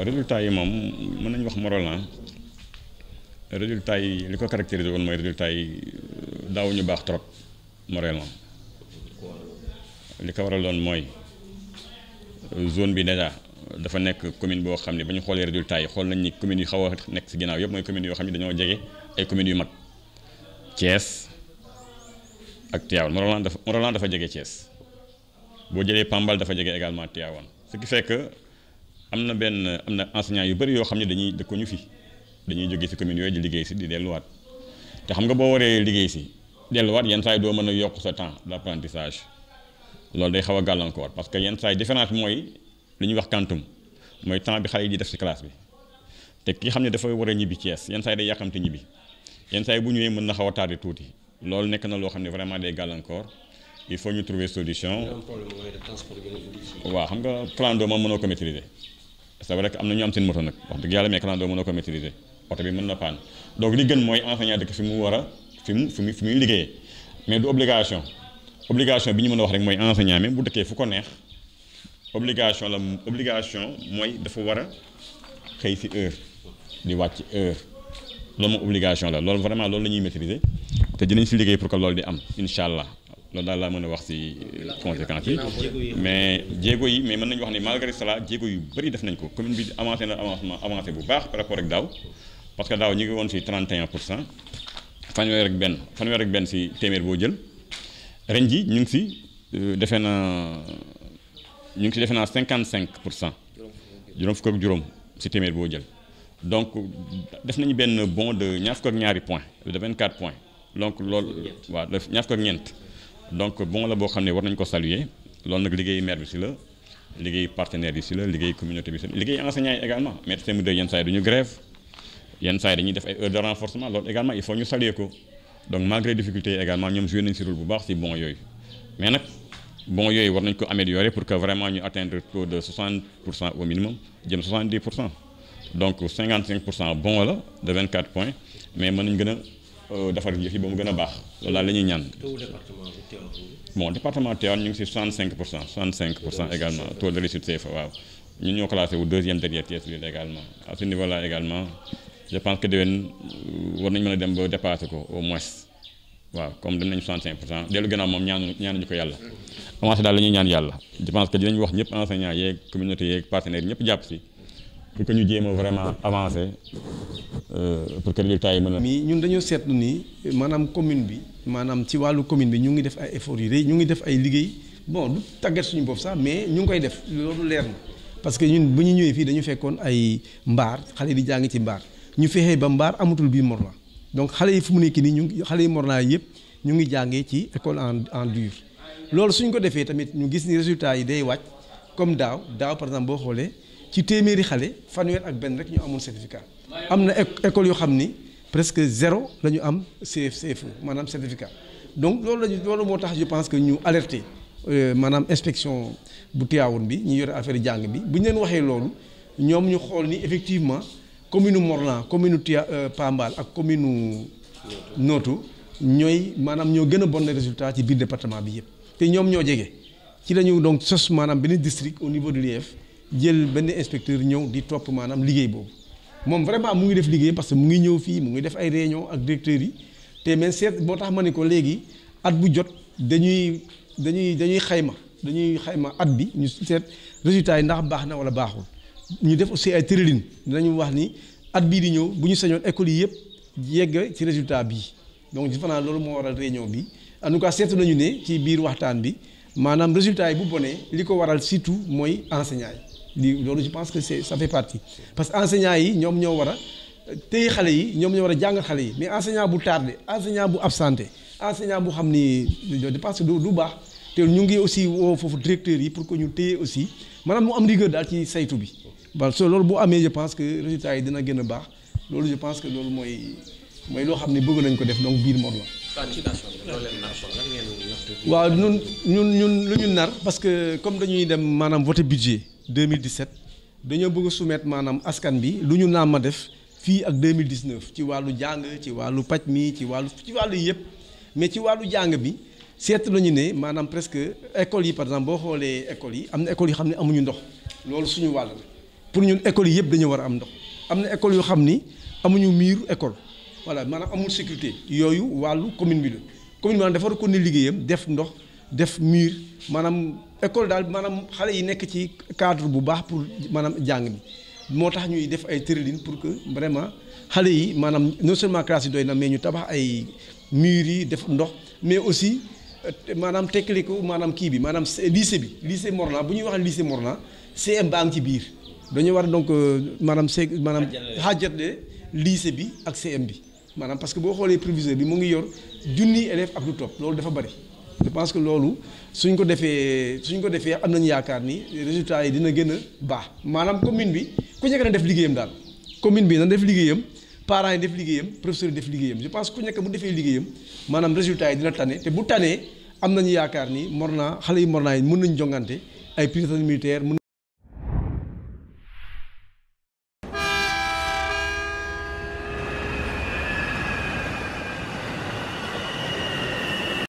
waaw résultat yi moom mën nañu wax Morolan résultat yi li ko caractériser woon mooy résultat yi euh, daawuñu baax trop Morolan li ko loon mooy euh, zone bi déjà dafa nekk commune boo xam ne ba ñu xoolee résultat yi xool nañ ni communes yu xaw a nekk si ginnaaw yëpp mooy communes yoo xam ne dañoo jege ay communes yu mag Thiès ak Tivaouane Morolan dafa Morolan dafa jege Thiès boo jëlee Pambal dafa jege également Tivaouane ce qui fait am na benn am na enseignant yu bëri yoo xam ne dañuy ñu fi dañuy jóge si communes yooyu di liggéey si di delluwaat te xam nga boo waree liggéey si delluwaat yenn saa yi doo mën a yokk sa temps d' loolu day xaw gàllankoor parce que yenn saa yi différence mooy li ñuy wax quantum mooy temps bi xale yi di def si classe bi te ki xam ne dafay war a ñibbi Thiès yenn saa yi day yàqamte ñibbi yenn saa yi bu ñëwee mën na xaw a tardé tuuti lool nekk na loo xam ne vraiment day gàllankoor il faut ñu trouver solution. waaw xam nga plan doo ma mënoo ko c'est vrai am na ñu am seen moto nag wax dëgg yàlla mais kalaan doo mënoo ko maîtriser oto bi mën na paan donc li gën mooy enseignant dëkk fi mu war a fi mu fi mu fi muy liggéeyee mais du obligation obligation bi ñu mën a wax rek mooy enseignant même bu dëkkee fu ko neex obligation la obligation mooy dafa war a xëy fi heure di wàcc heure loolu moom obligation la loolu vraiment lool la ñuy maîtriser te dinañ si liggéey pour que loolu di am incha allah loolu daal laa mën a wax ci euh, conséquences yi mais jéego yi mais mën nañu wax ne malgré cela jéego yu bëri def nañ ko commune bi avancé na avancement avancé bu baax par rapport ak daaw parce que daaw ñu ngi woon ci 31 pour cent fanweer ak benn fanweer ak benn ci téeméer boo jël ren ji ñu ngi ci euh, defe na ñu ngi ci defe naa 55 pour cent juróom fukk ak juróom ci téeméer boo jël donc def nañu benn bond de ñaar fukk ak ñaari point de 24 points donc loolu waaw ñaar fukk ak ñeent donc bon la boo xam ne war nañu ko saluer loolu nag liggéey maire bi si la liggéey partenaire yi si la liggéey communauté bi si la liggéey enseignant yi également maître CM2 yenn saa yi duñu grève yenn saa yi dañuy def ay heures de renforcement loolu également il faut ñu saluer ko donc malgré difficulté yi également ñoom joué nañu si rôle bu baax si bon yooyu mais nag bon yooyu war nañ ko améliorer pour que vraiment ñu atteindre taux de 60 pour cent a Euh, defar yëf yi ba mu gën a baax loolu daal la ñuy ñaan. bon département ñu ngi si 65 pour cent 65 pour cent également taux de réussite CFA waaw ñun ñoo classé wu deuxième derrière Thiès Ville également à ce niveau là euh, mën a dem ba dépassé ko au moins waaw comme dem nañu 65 pour cent dellu gannaaw moom ñaanu ñaanuñu ko yàlla. avancé daal la ñuy ñaan yàlla je pense que dinañ wax ñëpp enseignants yeeg communauté yeeg partenaires ñëpp jàpp si pour que résultat yi mën a. mais ñun dañoo seetlu ni maanaam commune bi maanaam ci wàllu commune bi ñu ngi def ay efforts yu rëy ñu ngi def ay liggéey bon du tàggat suñu boobu sax mais ñu ngi koy def loolu leer na parce que ñun bu ñu ñëwee fii dañu fekkoon ay mbaar xale di jàng ci mbaar ñu fexe ba mbaar amatul biir Morlan donc xale yi fu mu nekk nii ñu xale yi Morlan yëpp ñu ngi jàngee ci école en en dur loolu suñ ko defee tamit ñu gis ni résultat yi day wàcc comme daaw daaw par exemple boo xoolee. ci téeméeri xale fanweer ak benn rek ñu amoon certificat am na école yoo xam ni presque zéro lañu ñu am CFCFE maanaam certificat donc loolu lañu loolu moo tax je pense que ñu alerter euh, maanaam inspection bu Tivaouane bi ñu yore affaire jàng bi bu ñu leen waxee loolu ñoom ñu xool ni effectivement commune Morlan commune Tia euh, Pambal ak commune Noto ñooy maanaam ñoo gën a bon résultat ci biir département bi yëpp te ñoom ñoo jege ci la ñu donc sos maanaam benn district au niveau de l'IEF jël benn inspecteur ñëw di topp maanaam liggéey boobu moom vraiment mu ngi def liggéey parce que mu ngi ñëw fii mu ngi def ay réunion ak directeurs yi te mais seet moo tax ma ne ko léegi at bu jot dañuy dañuy dañuy xayma dañuy xayma at bi ñu seet résultat yi ndax baax na wala baaxul ñu def si ay tërëlin dinañu wax ni at bii di ñëw bu ñu sañoon école yi yëpp yegg ci résultat bi donc di naa loolu moo waral réunion bi en tout cas seetu nañu ne ci biir waxtaan bi maanaam résultat yi bonee li ko waral surtout mooy enseignant yi lii loolu je pense que c'est ça fait partie parce que enseignants yi ñoom ñoo war a xale yi ñoom ñoo war a jàngal xale yi mais enseignant bu tardé enseignant bu absenté enseignant bu xam ni je pense que du baax te ñu ngi aussi woo foofu directeurs yi pour que ñu téye aussi maanaam mu am rigueur daal ci saytu bi waaw so loolu boo amee je pense que résultat yi dina gën a baax loolu je pense que loolu mooy mooy loo xam ne bëgg nañ ko def donc biir moom la waaw ñun ñun ñun lu ñu nar parce que comme dañuy dem maanaam voté budget 2017 dañoo bëgg a soumettre maanaam askan bi lu ñu naam ma def fii ak 2019 ci wàllu jàng ci wàllu paj mi ci wàllu ci wàllu yëpp mais ci wàllu jàng bi seet nañu ne maanaam presque écoles yi par exemple boo xoolee école yi am na école yoo xam ne amuñu ndox loolu suñu wàll pour ñun école yi yëpp dañu war a am ndox am na école yoo xam ni amuñu miiru école voilà maanaam amul sécurité yooyu wàllu commune bi lu commune maanaam dafa ko ne liggéeyam def ndox def mur maanaam école daal maanaam xale yi nekk ci cadre bu baax pour maanaam jàng bi moo tax ñuy def ay tërëlin pour que vraiment xale yi maanaam no seulement classe yi doy na mais ñu tabax ay murs yi def ndox mais aussi euh, maanaam tekkali ko maanaam kii bi maanaam lycée bi lycée Morna bu ñuy wax lycée Morna CM baa ngi ci biir dañu war donc euh, maanaam c maanaam xaajale lycée bi ak CM bi maanaam parce que boo xoolee proviseur bi mu ngi yor junniy élèves ak lu topp loolu dafa bari je pense que loolu suñ ko defee suñ ko defee am nañu yaakaar ni résultat yi dina gën a baax maanaam commune bi ku nekk na def liggéeyam daal commune bi na def liggéeyam parents yi def liggéeyam professeurs yi def liggéeyam je pense ku nekk bu defee liggéeyam maanaam résultat yi dina tane te bu tanee am nañu yaakaar ni Morna xale yi Morna yi mën nañu jongante ay prisonniers militaires